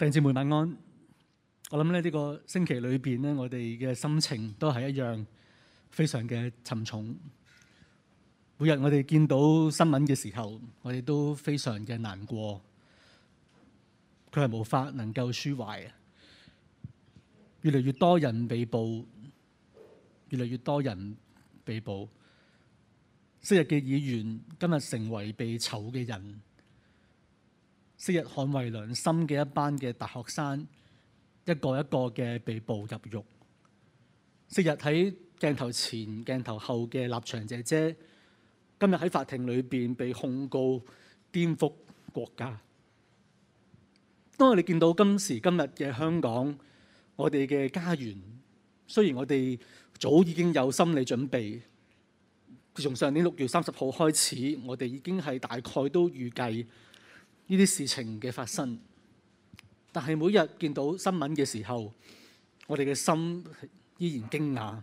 弟兄姊妹晚安，我諗咧呢個星期裏面我哋嘅心情都係一樣，非常嘅沉重。每日我哋見到新聞嘅時候，我哋都非常嘅難過。佢係無法能夠紓懷。越來越多人被捕，越來越多人被捕。昔日嘅議員，今日成為被囚嘅人。昔日捍衞良心嘅一班嘅大學生，一個一個嘅被捕入獄；昔日喺鏡頭前、鏡頭後嘅立場姐姐，今日喺法庭裏邊被控告顛覆國家。當我哋見到今時今日嘅香港，我哋嘅家園，雖然我哋早已經有心理準備，自從上年六月三十號開始，我哋已經係大概都預計，呢啲事情嘅發生，但係每日見到新聞嘅時候，我哋嘅心依然驚訝。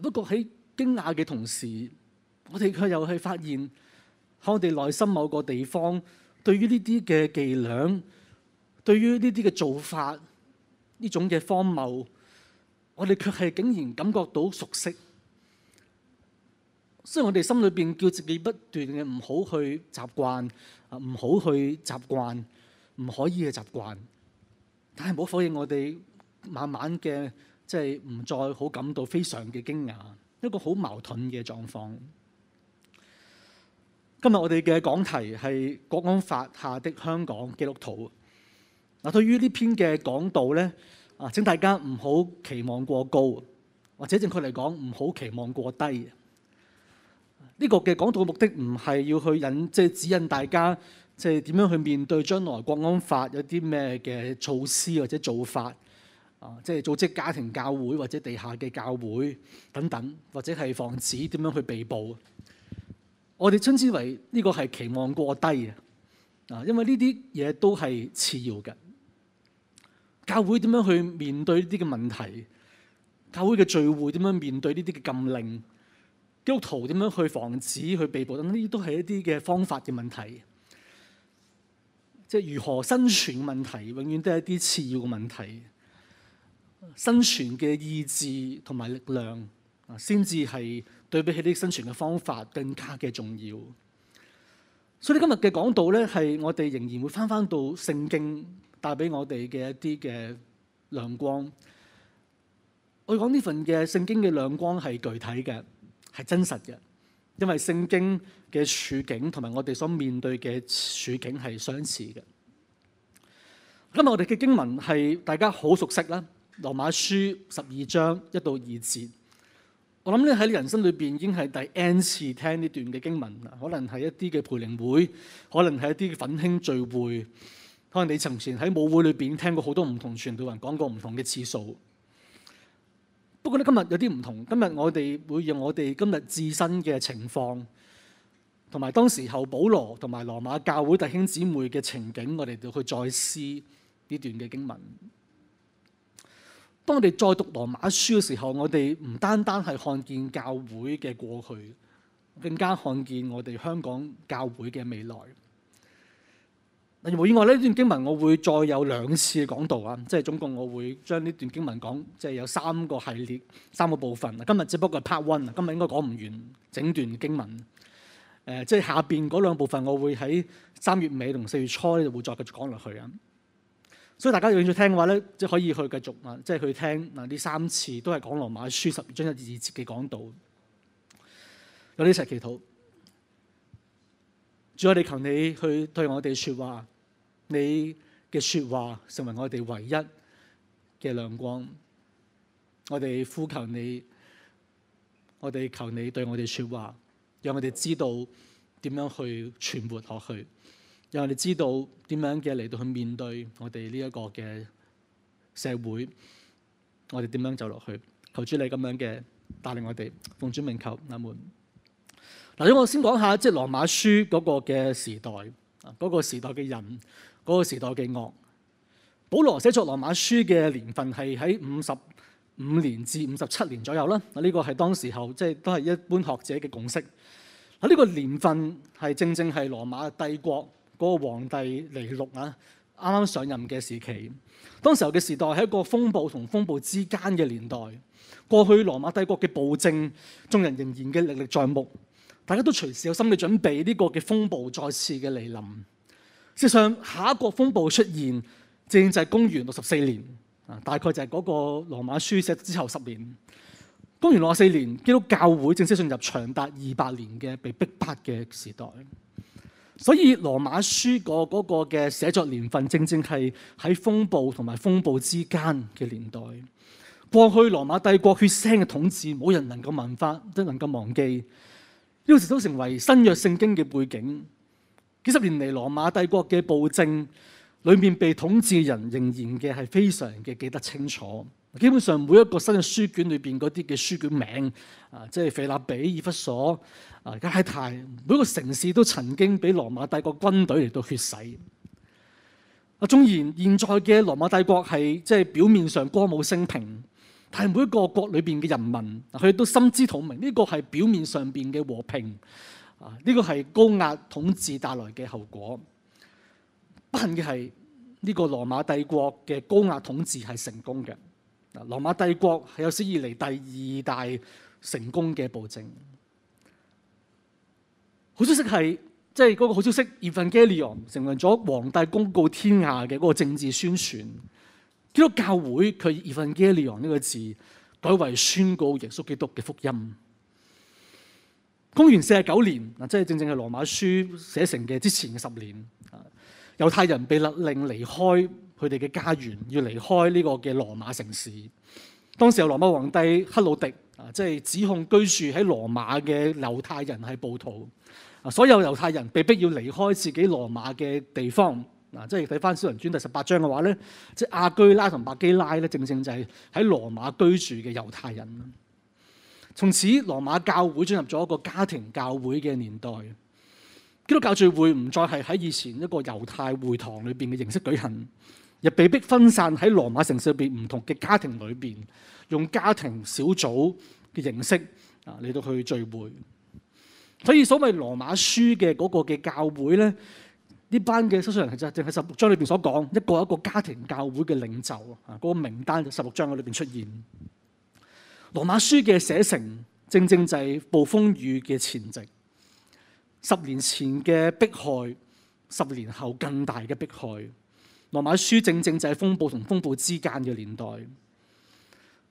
不過喺驚訝嘅同時，我哋卻又係發現，喺我哋內心某個地方，對於呢啲嘅伎倆，對於呢啲嘅做法，呢種嘅荒謬，我哋卻係竟然感覺到熟悉。雖然我哋心裏邊叫自己不斷嘅，唔好去習慣，唔好去習慣，唔可以嘅習慣。但係唔好否認，我哋慢慢嘅即係唔再好感到非常嘅驚訝，一個好矛盾嘅狀況。今日我哋嘅講題係《國安法下的香港基督徒》。嗱，對於呢篇嘅講道咧，啊，請大家唔好期望過高，或者正確嚟講，唔好期望過低。呢個嘅講道嘅目的唔係要去引即係、就是、指引大家即係點樣去面對將來國安法有啲咩嘅措施或者做法啊，即、就、係、是、組織家庭教會或者地下嘅教會等等，或者係防止點樣去被捕。我哋稱之為呢個係期望過低啊，因為呢啲嘢都係次要嘅。教會點樣去面對呢啲嘅問題？教會嘅聚會點樣面對呢啲嘅禁令？基督徒點樣去防止去被捕等，等呢啲都係一啲嘅方法嘅問題，即係如何生存嘅問題，永遠都係一啲次要嘅問題。生存嘅意志同埋力量啊，先至係對比起啲生存嘅方法更加嘅重要。所以今日嘅講道咧，係我哋仍然會翻翻到聖經，帶俾我哋嘅一啲嘅亮光。我講呢份嘅聖經嘅亮光係具體嘅。係真實嘅，因為聖經嘅處境同埋我哋所面對嘅處境係相似嘅。今日我哋嘅經文係大家好熟悉啦，《羅馬書》十二章一到二節。我諗呢喺你人生裏邊已經係第 N 次聽呢段嘅經文啦。可能係一啲嘅培靈會，可能係一啲嘅奮興聚會，可能你從前喺舞會裏邊聽過好多唔同傳道人講過唔同嘅次數。不過咧，今日有啲唔同，今日我哋會用我哋今日自身嘅情況，同埋當時候保羅同埋羅馬教會弟兄姊妹嘅情景，我哋就去再思呢段嘅經文。當我哋再讀羅馬書嘅時候，我哋唔單單係看見教會嘅過去，更加看見我哋香港教會嘅未來。冇意外呢段經文我會再有兩次講道啊，即係總共我會將呢段經文講，即係有三個系列、三個部分。今日只不過係 part one，啊。今日應該講唔完整段經文。誒、呃，即係下邊嗰兩部分，我會喺三月尾同四月初就會再繼續講落去啊。所以大家有興趣聽嘅話咧，即係可以去繼續，即係去聽嗱，呢三次都係講羅馬書十二章一二節嘅講道。有啲石祈禱，主啊，我哋求你去對我哋說話。你嘅說話成為我哋唯一嘅亮光，我哋呼求你，我哋求你對我哋說話，讓我哋知道點樣去存活落去，讓我哋知道點樣嘅嚟到去面對我哋呢一個嘅社會，我哋點樣走落去？求主你咁樣嘅帶領我哋，奉主名求，阿門。嗱，咁我先講下即係羅馬書嗰個嘅時代，嗰、嗰個時代嘅人。嗰個時代嘅惡，保羅寫作羅馬書嘅年份係喺五十五年至五十七年左右啦。呢個係當時候即係都係一般學者嘅共識。啊，呢個年份係正正係羅馬帝國嗰個皇帝尼祿啊，啱啱上任嘅時期。當時候嘅時代係一個風暴同風暴之間嘅年代。過去羅馬帝國嘅暴政，眾人仍然嘅歷歷在目。大家都隨時有心理準備呢個嘅風暴再次嘅嚟臨。事實上下一個風暴出現，正就係公元六十四年啊，大概就係嗰個羅馬書寫之後十年。公元六十四年，基督教會正式進入長達二百年嘅被逼迫嘅時代。所以羅馬書的那個嗰個嘅寫作年份，正正係喺風暴同埋風暴之間嘅年代。過去羅馬帝國血腥嘅統治，冇人能夠忘法，即係能夠忘記，呢時都成為新約聖經嘅背景。幾十年嚟，羅馬帝國嘅暴政裏面被統治嘅人仍然嘅係非常嘅記得清楚。基本上每一個新嘅書卷裏邊嗰啲嘅書卷名，啊，即係腓立比、以弗所、啊、加太，每一個城市都曾經俾羅馬帝國軍隊嚟到血洗。啊，縱然現在嘅羅馬帝國係即係表面上歌舞升平，但係每一個國裏邊嘅人民，佢都心知肚明，呢個係表面上邊嘅和平。啊！呢個係高壓統治帶來嘅後果。不幸嘅係呢個羅馬帝國嘅高壓統治係成功嘅。羅馬帝國係有史以嚟第二大成功嘅暴政。好消息係，即係嗰個好消息，Evangelion 成為咗皇帝，公告天下嘅嗰個政治宣傳。基督教會佢 Evangelion 呢個字，改為宣告耶穌基督嘅福音。公元四十九年，嗱，即係正正係《羅馬書》寫成嘅之前嘅十年，猶太人被勒令離開佢哋嘅家園，要離開呢個嘅羅馬城市。當時有羅馬皇帝克魯迪，啊，即係指控居住喺羅馬嘅猶太人係暴徒。啊，所有猶太人被逼要離開自己羅馬嘅地方。嗱，即係睇返《小人傳》第十八章嘅話咧，即係亞居拉同百基拉咧，正正就係喺羅馬居住嘅猶太人。從此羅馬教會進入咗一個家庭教會嘅年代，基督教聚會唔再係喺以前一個猶太會堂裏邊嘅形式舉行，亦被迫分散喺羅馬城市裏邊唔同嘅家庭裏邊，用家庭小組嘅形式啊嚟到去聚會。所以所謂羅馬書嘅嗰個嘅教會咧，呢班嘅收信人其實淨係十六章裏邊所講一個一個家庭教會嘅領袖啊，嗰、嗰個名單就十六章嘅裏邊出現。羅馬書嘅寫成，正正就係暴風雨嘅前夕。十年前嘅迫害，十年後更大嘅迫害。羅馬書正正就係風暴同風暴之間嘅年代。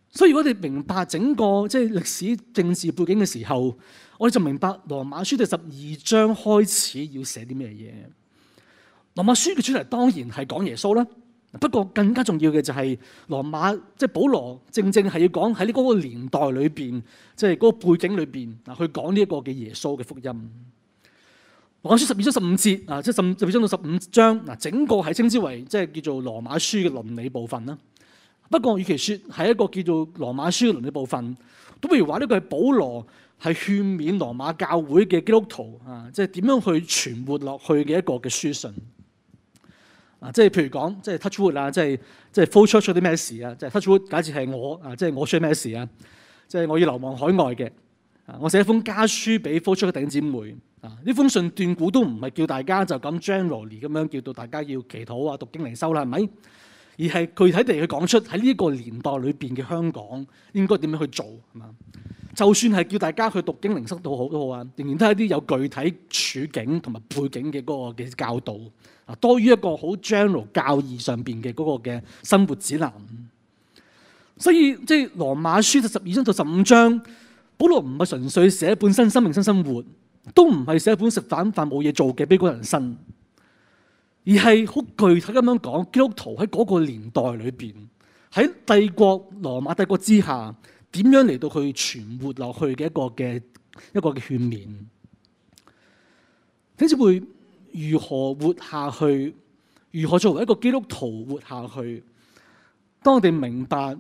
所以，我哋明白整個即係、就是、歷史政治背景嘅時候，我哋就明白羅馬書第十二章開始要寫啲咩嘢。羅馬書嘅主題當然係講耶穌啦。不過更加重要嘅就係羅馬，即、就、係、是、保羅正正係要講喺呢嗰個年代裏邊，即係嗰個背景裏邊，嗱去講呢一個嘅耶穌嘅福音。《羅馬書》十二章十五節啊，即係十十二章到十五章，嗱整個係稱之為即係、就是、叫做《羅馬書》嘅倫理部分啦。不過，與其說係一個叫做《羅馬書》嘅倫理部分，咁不如話呢個係保羅係勸勉羅馬教會嘅基督徒啊，即係點樣去存活落去嘅一個嘅書信。即係譬如講，即係 Touchwood 啊，即係即係 flow church 出啲咩事啊？即係 Touchwood，假設係我啊，即係我出咩事啊？即係我要流亡海外嘅，我寫一封家書俾 flow church 嘅弟兄姊妹啊！呢封信斷估都唔係叫大家就咁 generally 咁樣 gen 叫到大家要祈禱啊、讀經收、靈修啦，係咪？而係具體地去講出喺呢一個年代裏邊嘅香港應該點樣去做係嘛？就算係叫大家去讀《經靈修道》好都好啊，仍然都係一啲有具體處境同埋背景嘅嗰個嘅教導，多於一個好 general 教義上邊嘅嗰個嘅生活指南。所以即係《羅、就是、馬書》就十二章到十五章，保羅唔係純粹寫本身生命新生，生活，都唔係寫一本食飯飯冇嘢做嘅悲觀人生，而係好具體咁樣講，基督徒喺嗰個年代裏邊，喺帝國羅馬帝國之下。點樣嚟到去存活落去嘅一個嘅一個嘅勸勉？點先會如何活下去？如何作為一個基督徒活下去？當我哋明白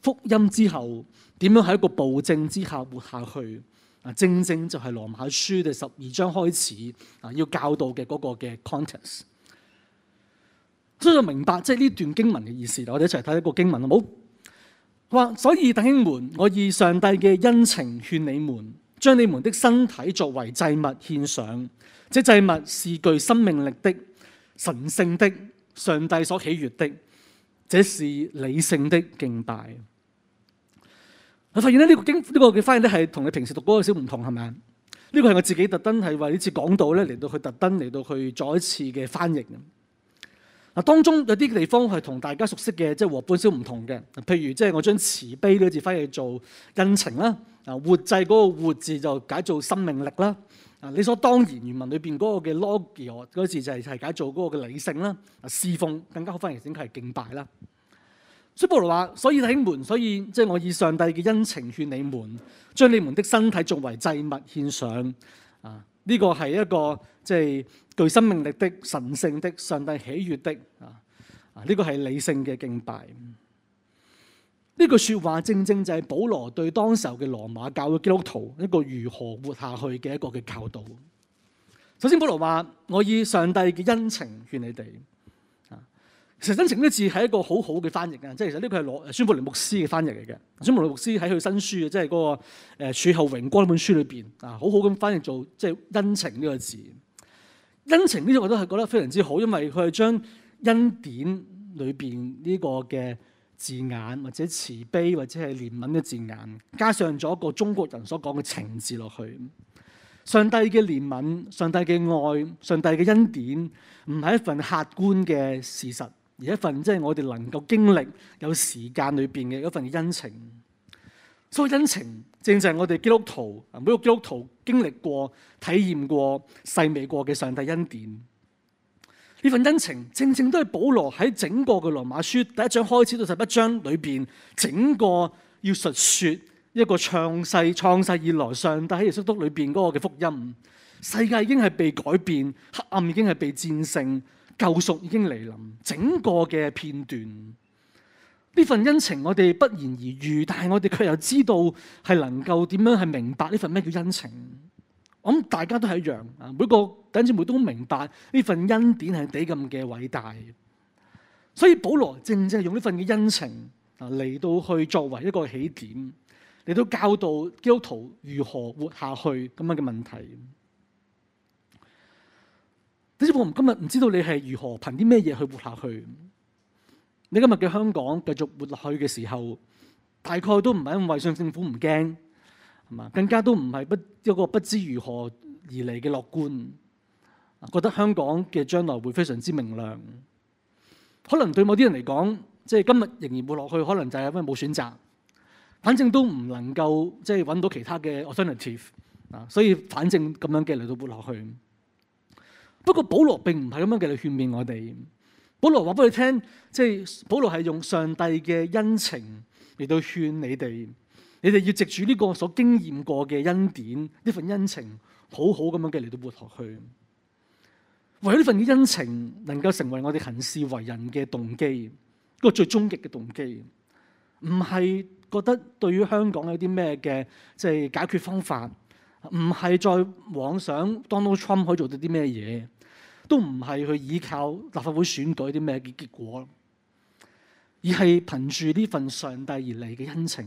福音之後，點樣喺一個暴政之下活下去？啊，正正就係《羅馬書》第十二章開始啊，要教導嘅嗰個嘅 content。所以就明白即係呢段經文嘅意思啦。我哋一齊睇一個經文好。所以弟兄們，我以上帝嘅恩情勸你們，將你們的身體作為祭物獻上，這祭物是具生命力的、神聖的、上帝所喜悅的，這是理性的敬拜。我發現咧，呢個經呢個嘅翻譯咧，係同你平時讀嗰個少唔同，係咪？呢個係我自己特登係為呢次講道咧嚟到去特登嚟到去再一次嘅翻譯。嗱，當中有啲地方係同大家熟悉嘅，即係和合本唔同嘅。譬如即係我將慈悲嗰字翻去做恩情啦，啊，活祭嗰個活字就解做生命力啦。啊，理所當然原文裏邊嗰個嘅 logio 嗰字就係係解做嗰個嘅理性啦。啊，侍奉更加好翻，而整體係敬拜啦。所以保羅話：所以弟兄們，所以即係我以上帝嘅恩情勸你們，將你們的身體作為祭物獻上。啊。呢個係一個即係具生命力的、神聖的、上帝喜悅的啊啊！呢個係理性嘅敬拜。呢句說話正正就係保羅對當時候嘅羅馬教會基督徒一個如何活下去嘅一個嘅教導。首先，保羅話：我以上帝嘅恩情勸你哋。其實「恩情」呢個字係一個很好好嘅翻譯啊！即係其實呢個係攞宣布雷牧師嘅翻譯嚟嘅。宣布雷牧師喺佢新書，即係嗰、那個誒《處後榮光》本書裏邊啊，好好咁翻譯做即係「恩情」呢、這個字。恩情呢種、這個、我都係覺得非常之好，因為佢係將恩典裏邊呢個嘅字眼，或者慈悲，或者係憐憫嘅字眼，加上咗一個中國人所講嘅情字落去。上帝嘅憐憫、上帝嘅愛、上帝嘅恩典，唔係一份客觀嘅事實。而一份即係我哋能夠經歷有時間裏邊嘅一份恩情，所以恩情正正係我哋基督徒啊，每個基督徒經歷過、體驗過、細味過嘅上帝恩典。呢份恩情正正都係保羅喺整個嘅羅馬書第一章開始到十一章裏邊，整個要述說一個創世、創世以來上帝喺耶穌基督裏邊嗰個嘅福音。世界已經係被改變，黑暗已經係被戰勝。救贖已經嚟臨，整個嘅片段，呢份恩情我哋不言而喻，但係我哋卻又知道係能夠點樣去明白呢份咩叫恩情。我諗大家都係一樣，每個弟兄姊妹都明白呢份恩典係幾咁嘅偉大。所以保羅正正係用呢份嘅恩情啊嚟到去作為一個起點，嚟到教導基督徒如何活下去咁樣嘅問題。你知我今日唔知道你係如何憑啲咩嘢去活下去？你今日嘅香港繼續活落去嘅時候，大概都唔係因為上政府唔驚，係嘛？更加都唔係不一個不知如何而嚟嘅樂觀。啊，覺得香港嘅將來會非常之明亮。可能對某啲人嚟講，即係今日仍然活落去，可能就係因為冇選擇，反正都唔能夠即係搵到其他嘅 alternative 啊，所以反正咁樣嘅嚟到活落去。不過保羅不，保羅並唔係咁樣嘅嚟勸勉我哋。保羅話俾你聽，即係保羅係用上帝嘅恩情嚟到勸你哋。你哋要藉住呢個所經驗過嘅恩典，呢份，份恩情，好好咁樣嘅嚟到活落去。為咗呢份嘅恩情能夠成為我哋行事為人嘅動機，一個最終極嘅動機。唔係覺得對於香港有啲咩嘅即係解決方法，唔係再妄想 Donald Trump 可以做到啲咩嘢。都唔係去依靠立法會選舉啲咩嘅結果，而係憑住呢份上帝而嚟嘅恩情。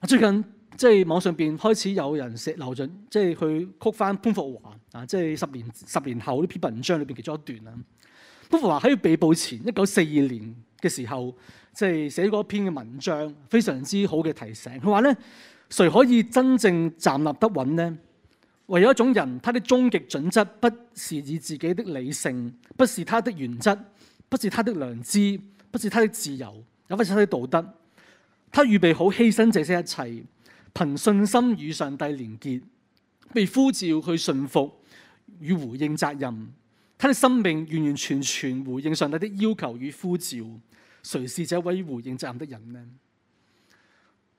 我最近即係網上邊開始有人寫劉俊，即係去曲翻潘福華啊！即係十年十年後呢篇文章裏邊其中一段啊。潘福華喺被捕前一九四二年嘅時候，即係寫嗰篇嘅文章，非常之好嘅提醒。佢話咧，誰可以真正站立得穩咧？唯有一種人，他的終極準則不是以自己的理性，不是他的原則，不是他的良知，不是他的自由，也不是他的道德。他預備好犧牲這些一切，憑信心與上帝連結，被呼召去信服與回應責任。他的生命完完全全回應上帝的要求與呼召。誰是這位回應責任的人呢？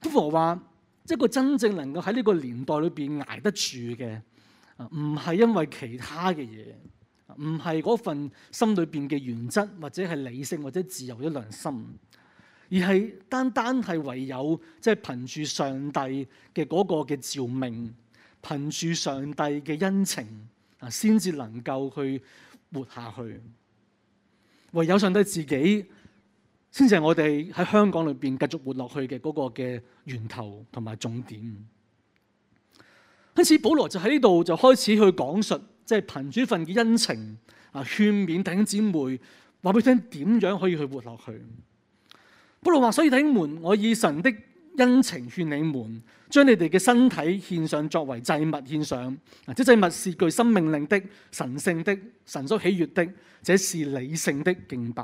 霍華說：一個真正能夠喺呢個年代裏面捱得住嘅，唔係因為其他嘅嘢，唔係嗰份心裏面嘅原則，或者係理性，或者自由一良心，而係單單係唯有即係憑住上帝嘅嗰個嘅召命，憑住上帝嘅恩情啊，先至能夠去活下去。唯有上帝自己。先至係我哋喺香港裏邊繼續活落去嘅嗰個嘅源頭同埋重點。因此保羅就喺呢度就開始去講述，即係憑主份嘅恩情啊，勸勉弟兄姊妹話俾佢聽點樣可以去活落去。保羅話：所以弟兄們，我以神的恩情勸你們，將你哋嘅身體獻上作為祭物獻上，啊，這祭物是具生命靈的、神聖的、神所喜悅的，這是理性的敬拜。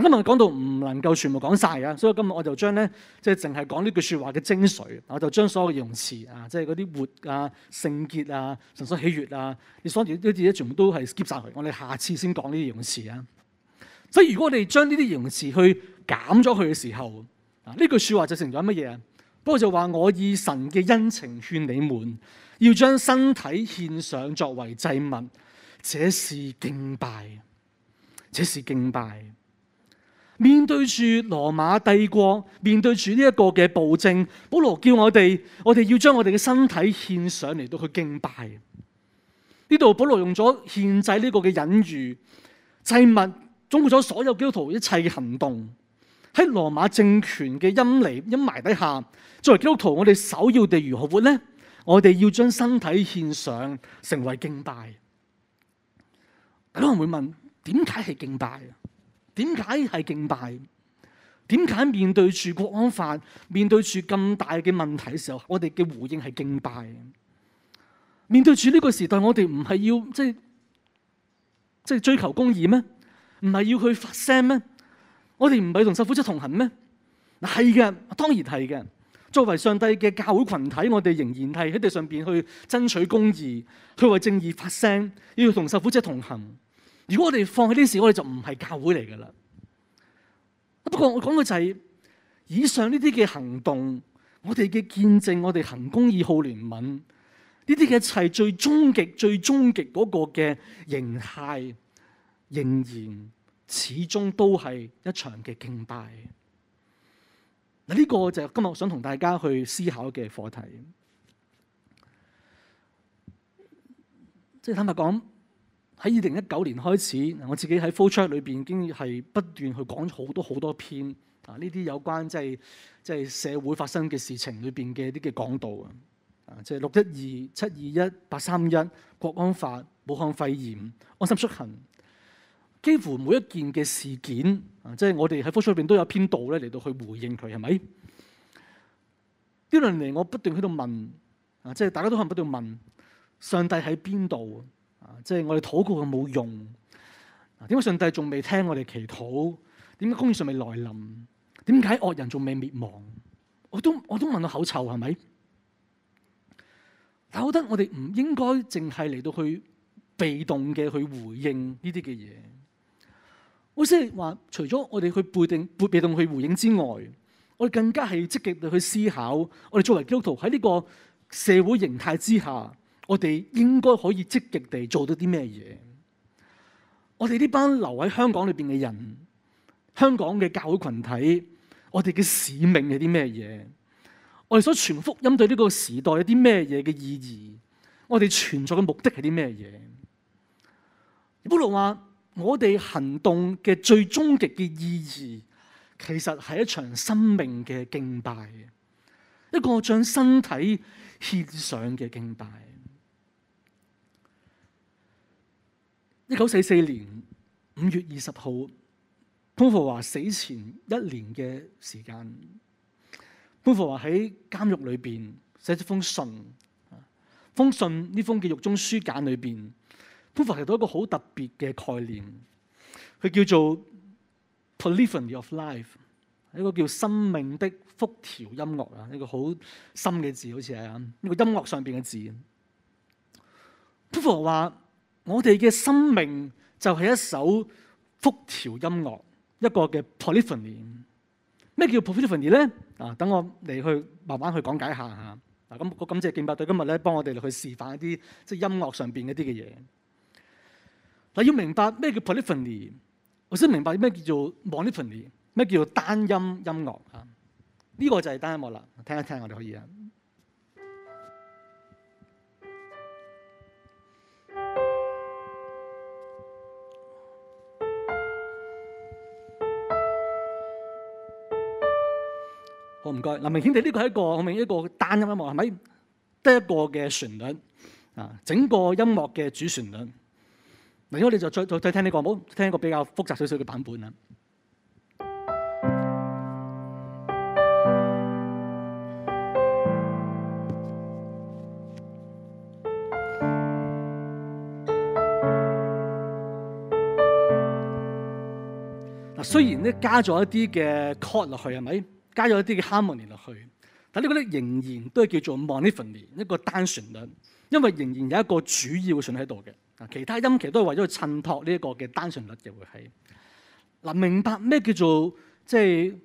今日講到唔能夠全部講晒啊，所以今日我就將咧，即係淨係講呢句説話嘅精髓，我就將所有嘅形容詞啊，即係嗰啲活啊、聖潔啊、神所喜悅啊，你所有啲嘢全部都係 skip 晒佢。我哋下次先講呢啲形容詞啊。所以如果我哋將呢啲形容詞去減咗佢嘅時候，啊呢句説話就成咗乜嘢啊？不過就話我以神嘅恩情勸你們，要將身體獻上作為祭物，這是敬拜，這是敬拜。面對住羅馬帝國，面對住呢一個嘅暴政，保羅叫我哋，我哋要將我哋嘅身體獻上嚟到去敬拜。呢度保羅用咗獻祭呢個嘅隱喻祭物，總括咗所有基督徒一切嘅行動。喺羅馬政權嘅陰離陰霾底下，作為基督徒，我哋首要地如何活呢？我哋要將身體獻上，成為敬拜。噉可能會問：點解係敬拜？點解係敬拜？點解面對住國安法、面對住咁大嘅問題嘅時候，我哋嘅回應係敬拜？面對住呢個時代，我哋唔係要即係即係追求公義咩？唔係要去發聲咩？我哋唔係同受苦者同行咩？嗱，係嘅，當然係嘅。作為上帝嘅教會群體，我哋仍然係喺地上邊去爭取公義，去為正義發聲，要同受苦者同行。如果我哋放棄呢事，我哋就唔係教會嚟噶啦。不過我講嘅就係、是、以上呢啲嘅行動，我哋嘅見證，我哋行公義、好憐憫呢啲嘅一切，最終極、最終極嗰個嘅形態，仍然始終都係一場嘅敬拜。嗱，呢個就今日我想同大家去思考嘅課題，即係坦白講。喺二零一九年開始，我自己喺 flow church 裏邊已經係不斷去講好多好多篇啊，呢啲有關即係即係社會發生嘅事情裏邊嘅啲嘅講道啊，即係六一二、七二一、八三一、國安法、武漢肺炎、安心出行，幾乎每一件嘅事件啊，即係我哋喺 flow church 裏邊都有篇道咧嚟到去回應佢，係咪？呢兩年我不斷喺度問啊，即係大家都可能不斷問上帝喺邊度？即係我哋禱告又冇用，點解上帝仲未聽我哋祈禱？點解公義仲未來臨？點解惡人仲未滅亡？我都我都問到口臭，係咪？但係我覺得我哋唔應該淨係嚟到去被動嘅去回應呢啲嘅嘢。我即係話，除咗我哋去背定被動去回應之外，我哋更加係積極地去思考。我哋作為基督徒喺呢個社會形態之下。我哋應該可以積極地做到啲咩嘢？我哋呢班留喺香港裏邊嘅人，香港嘅教會群體，我哋嘅使命係啲咩嘢？我哋所傳福音對呢個時代有啲咩嘢嘅意義？我哋存在嘅目的係啲咩嘢？保羅話我哋行動嘅最終極嘅意義，其實係一場生命嘅敬拜，一個將身體獻上嘅敬拜。一九四四年五月二十號，潘霍華死前一年嘅時間，潘霍華喺監獄裏邊寫咗封信。封信呢封嘅獄中書簡裏邊，潘霍華提到一個好特別嘅概念，佢叫做 Polyphony of Life，一個叫生命的複調音樂啊，一個好深嘅字，好似係啊，一個音樂上邊嘅字。潘霍華話。我哋嘅生命就係一首複調音樂，一個嘅 polyphony。咩叫 polyphony 咧？啊，等我嚟去慢慢去講解下嚇。嗱、啊，咁我感謝敬拜隊今日咧幫我哋去示範一啲即係音樂上邊一啲嘅嘢。嗱，要明白咩叫 polyphony，我先明白咩叫做 monophony，咩叫做單音音樂嚇。呢、啊，這個就係單音樂啦，聽一聽我哋可以啊。唔該，嗱，明顯地呢個係一個，我明一個單音樂係咪？得一個嘅旋律啊，整個音樂嘅主旋律。嗱，如果你就再再再聽呢、呢個好，聽一個比較複雜少少嘅版本啦。嗱、嗯，雖然咧加咗一啲嘅 chord 落去係咪？是加咗一啲嘅 harmony 落去，但呢個咧仍然都係叫做 monophony 一個單旋律，因為仍然有一個主要嘅旋律喺度嘅。嗱，其他音期都係為咗去襯托呢一個嘅單旋律嘅會係。嗱，明白咩叫做即係、就是、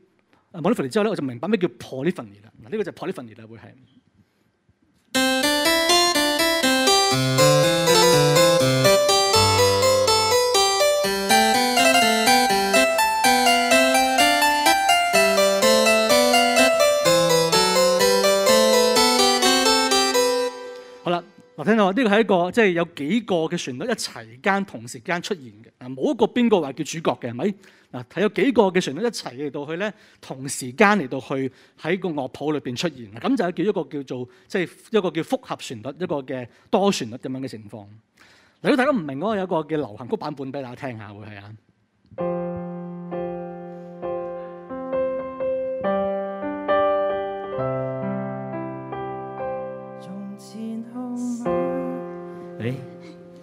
monophony 之後咧，我就明白咩叫 polyphony 啦。嗱，呢個就係 polyphony 啦會係。 嗱，聽到呢個係一個即係、就是、有幾個嘅旋律一齊間同時間出現嘅，啊冇一個邊個話叫主角嘅，係咪？嗱，睇有幾個嘅旋律一齊嚟到去咧，同時間嚟到去喺個樂譜裏邊出現啦，咁就叫一個叫做即係、就是、一個叫複合旋律，一個嘅多旋律咁樣嘅情況。如果大家唔明嗰個，有一個嘅流行曲版本俾大家聽一下會係啊。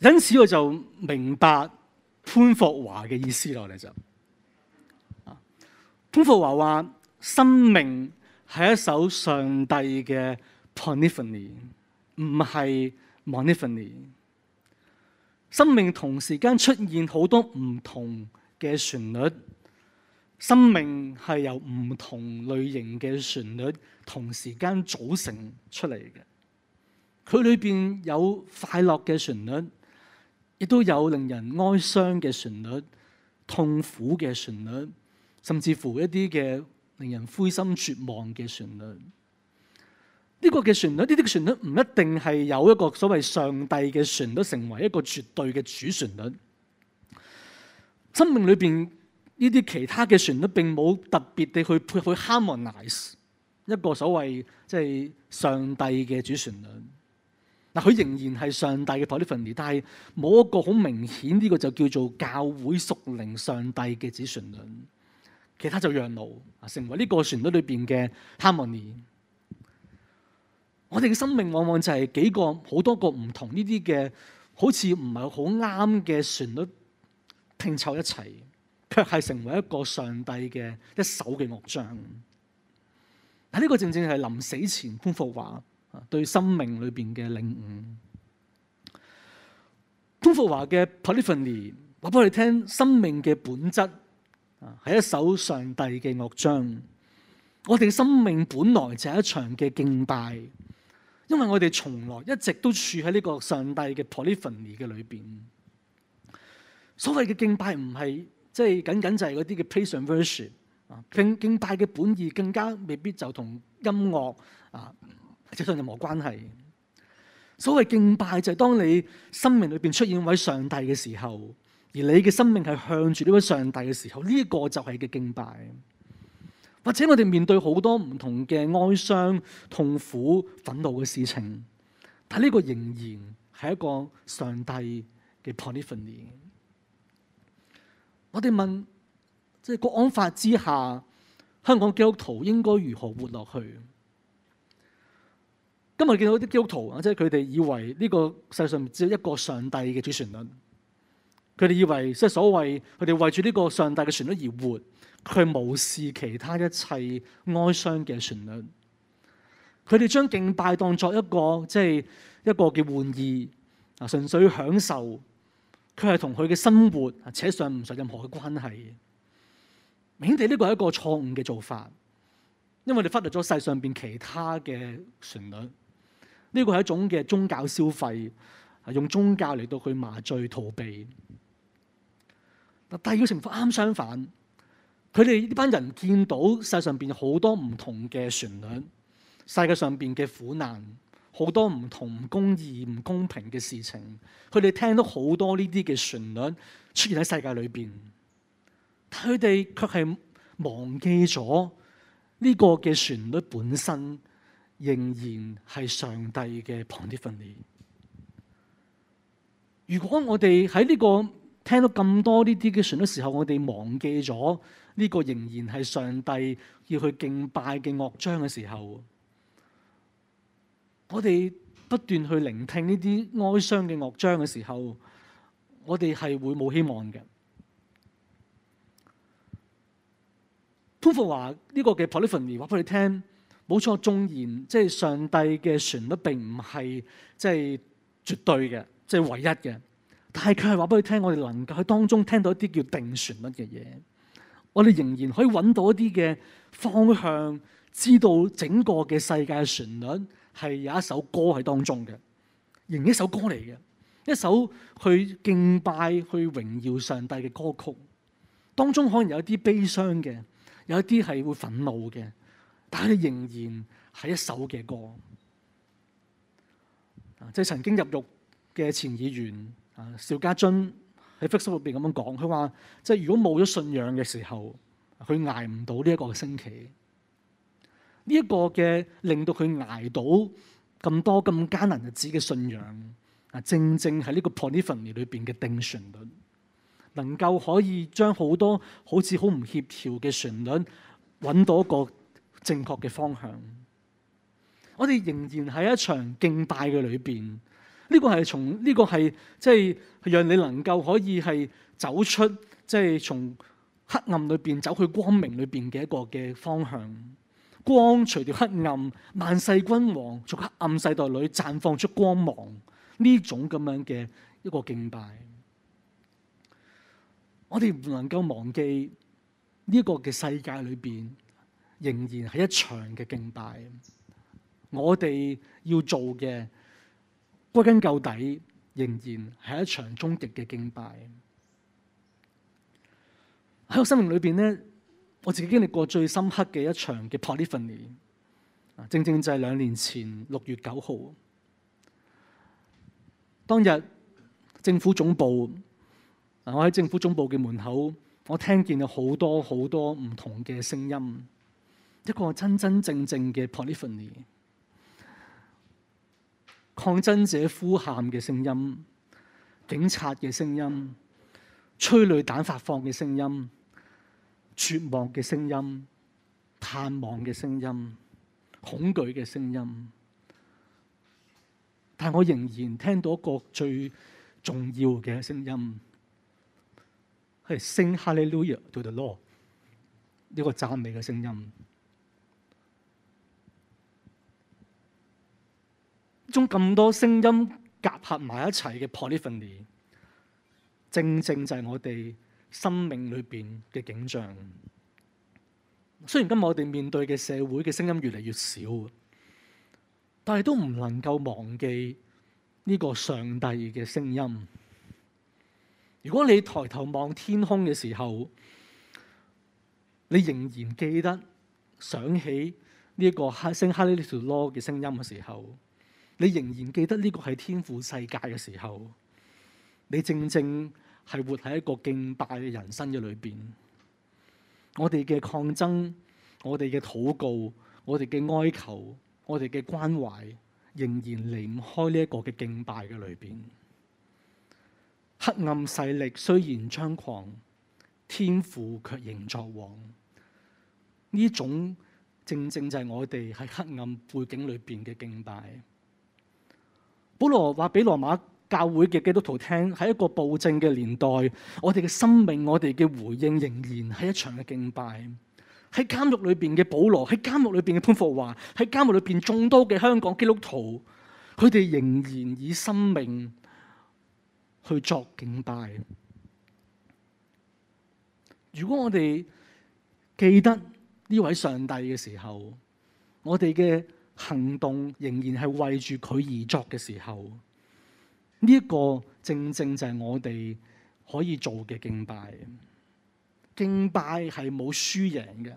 因此我就明白潘霍華嘅意思，落嚟就潘霍華話：生命係一首上帝嘅 p o n y f h o n y，唔係 m o n i f h o n y。生命同時間出現好多唔同嘅旋律，生命係由唔同類型嘅旋律同時間組成出嚟嘅。佢裏邊有快樂嘅旋律。亦都有令人哀傷嘅旋律、痛苦嘅旋律，甚至乎一啲嘅令人灰心絕望嘅旋律。呢、這個嘅旋律，呢啲嘅旋律唔一定係有一個所謂上帝嘅旋律成為一個絕對嘅主旋律。生命裏邊呢啲其他嘅旋律並冇特別地去配去 harmonize 一個所謂即係上帝嘅主旋律。嗱，佢仍然係上帝嘅 Polyphony，但係冇一個好明顯呢個就叫做教會屬靈上帝嘅子旋律，其他就讓路啊，成為呢個旋律裏邊嘅 harmony。我哋嘅生命往往就係幾個好多個唔同呢啲嘅，好似唔係好啱嘅旋律拼湊一齊，卻係成為一個上帝嘅一手嘅樂章。嗱，呢個正正係臨死前潘霍華。對生命裏邊嘅領悟，潘福華嘅 Polyphony 話俾我哋聽，生命嘅本質啊係一首上帝嘅樂章。我哋生命本來就係一場嘅敬拜，因為我哋從來一直都處喺呢個上帝嘅 Polyphony 嘅裏邊。所謂嘅敬拜唔係即係僅僅就係嗰啲嘅 Praise and Worship 啊，敬敬拜嘅本意更加未必就同音樂啊，扯上任何關係。所謂敬拜就係當你生命裏邊出現位上帝嘅時候，而你嘅生命係向住呢位上帝嘅時候，呢個就係嘅敬拜。或者我哋面對好多唔同嘅哀傷、痛苦、憤怒嘅事情，但呢個仍然係一個上帝嘅 poignant。我哋問，即係國安法之下，香港基督徒應該如何活落去？今日見到啲基督徒，即係佢哋以為呢個世上只有一個上帝嘅主旋律，佢哋以為即係、就是、所謂佢哋為住呢個上帝嘅旋律而活，佢係無視其他一切哀傷嘅旋律。佢哋將敬拜當作一個即係、就是、一個嘅玩意，啊，純粹享受，佢係同佢嘅生活扯上唔上任何嘅關係。明顯地，呢個係一個錯誤嘅做法，因為你忽略咗世上邊其他嘅旋律。呢個係一種嘅宗教消費，用宗教嚟到去麻醉逃避。第二個情況，啱相反，佢哋呢班人見到世上邊好多唔同嘅旋律，世界上邊嘅苦難，好多唔同唔公義、唔公平嘅事情，佢哋聽到好多呢啲嘅旋律出現喺世界裏邊，但佢哋卻係忘記咗呢個嘅旋律本身。仍然係上帝嘅 polyphony。如果我哋喺呢個聽到咁多呢啲嘅旋律時候，我哋忘記咗呢個仍然係上帝要去敬拜嘅樂章嘅時候，我哋不斷去聆聽呢啲哀傷嘅樂章嘅時候，我哋係會冇希望嘅。潘霍華話呢個嘅 polyphony 話俾你聽。冇錯，縱然即係上帝嘅旋律並唔係即係絕對嘅，即係唯一嘅，但係佢係話俾你聽，我哋能夠喺當中聽到一啲叫定旋律嘅嘢。我哋仍然可以揾到一啲嘅方向，知道整個嘅世界嘅旋律係有一首歌喺當中嘅，仍一首歌嚟嘅，一首去敬拜、去榮耀上帝嘅歌曲。當中可能有一啲悲傷嘅，有一啲係會憤怒嘅。但係仍然係一首嘅歌，啊！即係曾經入獄嘅前議員啊，邵家臻喺 Facebook 入邊咁樣講，佢話：即係如果冇咗信仰嘅時候，佢捱唔到呢一個星期。呢一個嘅令到佢捱到咁多咁艱難日子嘅信仰，啊！正正喺呢、這個 polyphony 裏邊嘅定旋律，能夠可以將好多好似好唔協調嘅旋律揾到一個，正確嘅方向，我哋仍然喺一場敬拜嘅裏邊，呢個係從呢個係即係讓你能夠可以係走出即係從黑暗裏邊走去光明裏邊嘅一個嘅方向。光除掉黑暗，萬世君王從黑暗世代裏綻放出光芒，呢種咁樣嘅一個敬拜，我哋唔能夠忘記呢個嘅世界裏邊。仍然係一場嘅敬拜，我哋要做嘅，歸根究底仍然係一場終極嘅敬拜。喺我生命裏面咧，我自己經歷過最深刻嘅一場嘅 Polyphony，正正就係兩年前六月九號。當日政府總部，我喺政府總部嘅門口，我聽見有好多好多唔同嘅聲音。一個真真正正嘅 polyphony，抗爭者呼喊嘅聲音，警察嘅聲音，催淚彈發放嘅聲音，絕望嘅聲音，盼望嘅聲音，音，恐懼嘅聲音。但我仍然聽到一個最重要嘅聲音，係 Sing Hallelujah to the Lord，一個讚美嘅聲音。中咁多聲音夾合埋一齊嘅 Polyphony，正正就係我哋生命裏邊嘅景象。雖然今日我哋面對嘅社會嘅聲音越嚟越少，但係都唔能夠忘記呢個上帝嘅聲音。如果你抬頭望天空嘅時候，你仍然記得想起呢個哈升哈利呢條羅嘅聲音嘅時候。你仍然記得呢個係天父世界嘅時候，你正正係活喺一個敬拜嘅人生嘅裏邊。我哋嘅抗爭，我哋嘅禱告，我哋嘅哀求，我哋嘅關懷，仍然離唔開呢一個嘅敬拜嘅裏邊。黑暗勢力雖然猖狂，天父卻仍作王。呢種正正就係我哋喺黑暗背景裏邊嘅敬拜。保羅話俾羅馬教會嘅基督徒聽，喺一個暴政嘅年代，我哋嘅生命，我哋嘅回應，仍然係一場嘅敬拜。喺監獄裏邊嘅保羅，喺監獄裏邊嘅潘霍華，喺監獄裏邊眾多嘅香港基督徒，佢哋仍然以生命去作敬拜。如果我哋記得呢位上帝嘅時候，我哋嘅行動仍然係為住佢而作嘅時候，呢一個正正就係我哋可以做嘅敬拜。敬拜係冇輸贏嘅，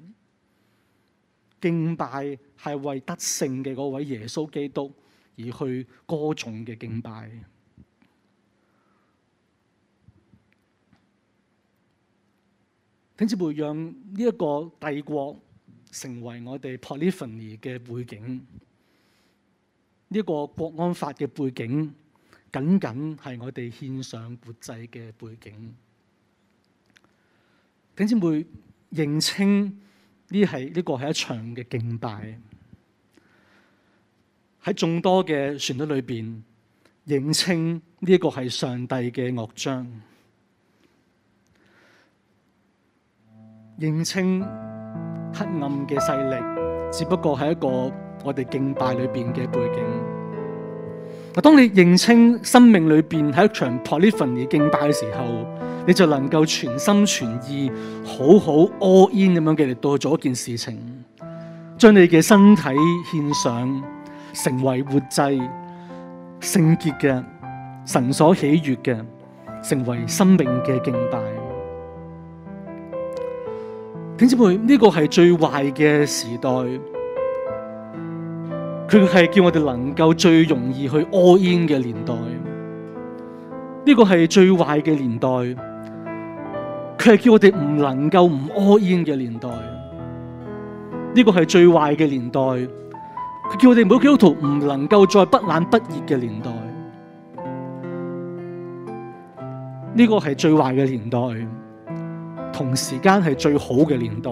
敬拜係為得勝嘅嗰位耶穌基督而去歌頌嘅敬拜。停止培養呢一個帝國。成為我哋 Polyphony 嘅背景，呢、這個國安法嘅背，背景，僅僅係我哋獻上活祭嘅背景，先至會認清呢係呢個係一場嘅敬拜。喺眾多嘅旋律裏邊，認清呢個係上帝嘅樂章，認清。黑暗嘅勢力，只不過係一個我哋敬拜裏邊嘅背景。嗱，當你認清生命裏邊係一場 polyphony 嘅敬拜嘅時候，你就能夠全心全意好好 all in 咁樣嘅嚟度做一件事情，將你嘅身體獻上，成為活祭，聖潔嘅神所喜悅嘅，成為生命嘅敬拜。弟兄姊妹，呢個係最壞嘅時代，佢係叫我哋能夠最容易去 all in 嘅年代。呢個係最壞嘅年代，佢係叫我哋唔能夠唔 all in 嘅年代。呢個係最壞嘅年代，佢叫我哋每個基督徒唔能夠再不冷不熱嘅年代。呢個係最壞嘅年代，同時間係最好嘅年代，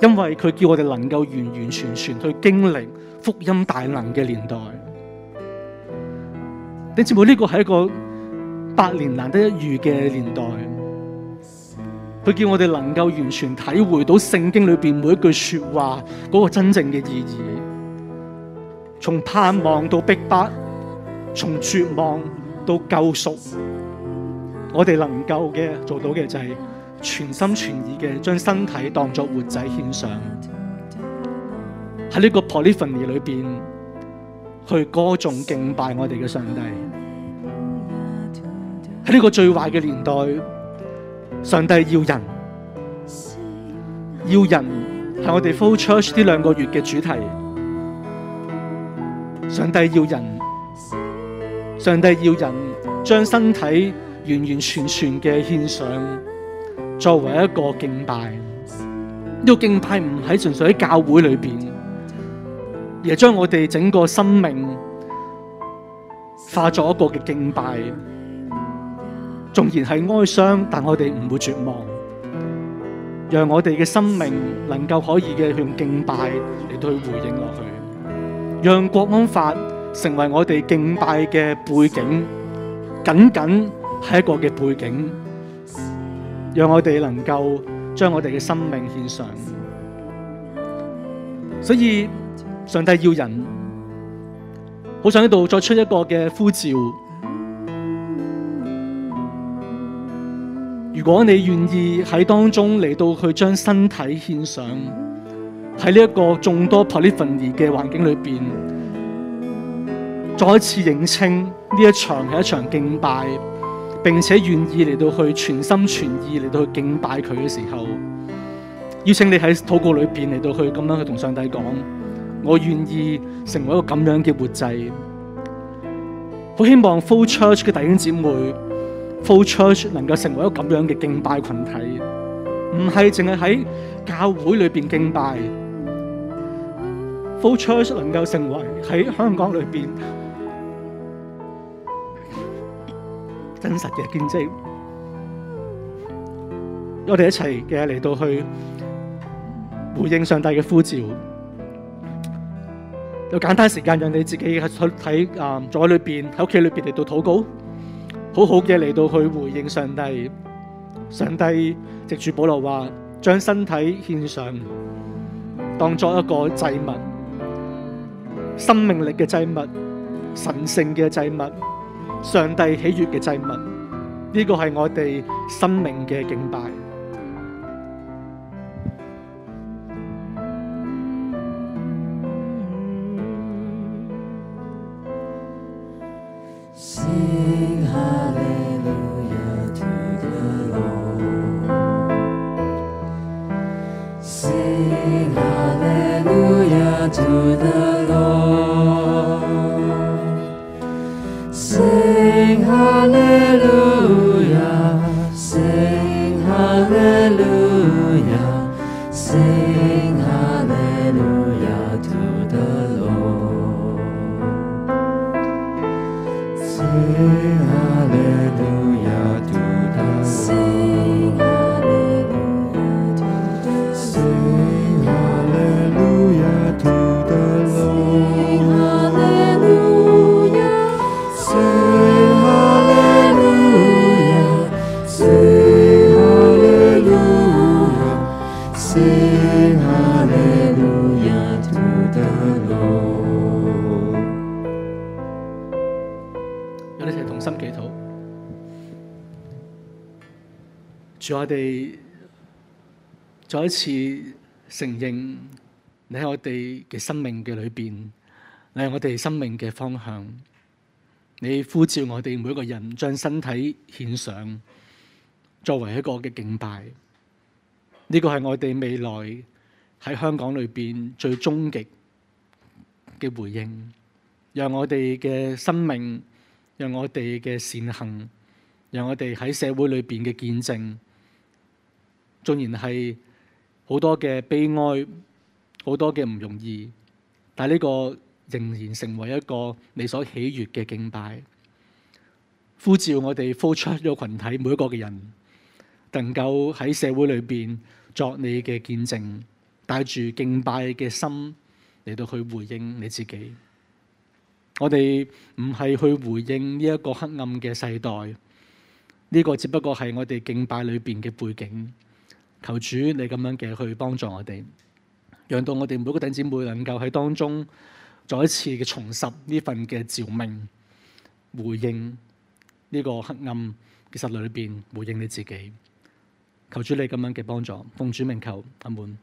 因為佢叫我哋能夠完完全全去經歷福音大能嘅年代。你知唔知呢個係一個百年難得一遇嘅年代？佢叫我哋能夠完全體會到聖經裏邊每一句說話嗰個真正嘅意義，從盼望到逼迫，從絕望到救贖，我哋能夠嘅做到嘅就係、是。全心全意嘅將身體當作活祭獻上，喺呢個 Polyphony 裏邊去歌頌敬拜我哋嘅上帝。喺呢個最壞嘅年代，上帝要人，要人係我哋 flow church 呢兩個月嘅主題。上帝要人，上帝要人將身體完完全全嘅獻上。作為一個敬拜，呢、這個敬拜唔係純粹喺教會裏邊，而將我哋整個生命化作一個嘅敬拜，縱然係哀傷，但我哋唔會絕望，讓我哋嘅生命能夠可以嘅用敬拜嚟去回應落去，讓國安法成為我哋敬拜嘅背景，僅僅係一個嘅背景。讓我哋能夠將我哋嘅生命獻上，所以上帝要人，好想呢度再出一個嘅呼召。如果你願意喺當中嚟到去將身體獻上，喺呢一個眾多 Polyphony 嘅環境裏邊，再一次認清呢一場係一場敬拜。並且願意嚟到去全心全意嚟到去敬拜佢嘅時候，邀請你喺禱告裏邊嚟到去咁樣去同上帝講：我願意成為一個咁樣嘅活祭。好希望 flow church 嘅弟兄姊妹、mm hmm.，flow church 能夠成為一個咁樣嘅敬拜群體，唔係淨係喺教會裏邊敬拜。flow church 能夠成為喺香港裏邊。真實嘅見證，我哋一齊嘅嚟到去回應上帝嘅呼召。有簡單時間，讓你自己喺喺喺啊，在座位裏邊喺屋企裏邊嚟到禱告，好好嘅嚟到去回應上帝。上帝藉住保羅話，將身體獻上，當作一個祭物，生命力嘅祭物，神聖嘅祭物。上帝喜悦嘅祭物，呢個係我哋生命嘅敬拜。再一次承認你喺我哋嘅生命嘅裏邊，你喺我哋生命嘅方向，你呼召我哋每一個人將身體獻上，作為一個嘅敬拜，呢個係我哋未來喺香港裏邊最終極嘅回應，讓我哋嘅生命，讓我哋嘅善行，讓我哋喺社會裏邊嘅見證，縱然係好多嘅悲哀，好多嘅唔容易，但呢個仍然成為一個你所喜悅嘅敬拜，呼召我哋 flow church 群體每一個嘅人，能夠喺社會裏邊作你嘅見證，帶住敬拜嘅心嚟到去回應你自己。我哋唔係去回應呢一個黑暗嘅世代，呢、這個只不過係我哋敬拜裏邊嘅背景。求主你咁樣嘅去幫助我哋，讓到我哋每個弟兄姊妹能夠喺當中再一次嘅重拾呢份嘅召命，回應呢個黑暗嘅實裏裏邊回應你自己。求主你咁樣嘅幫助，奉主名求阿門。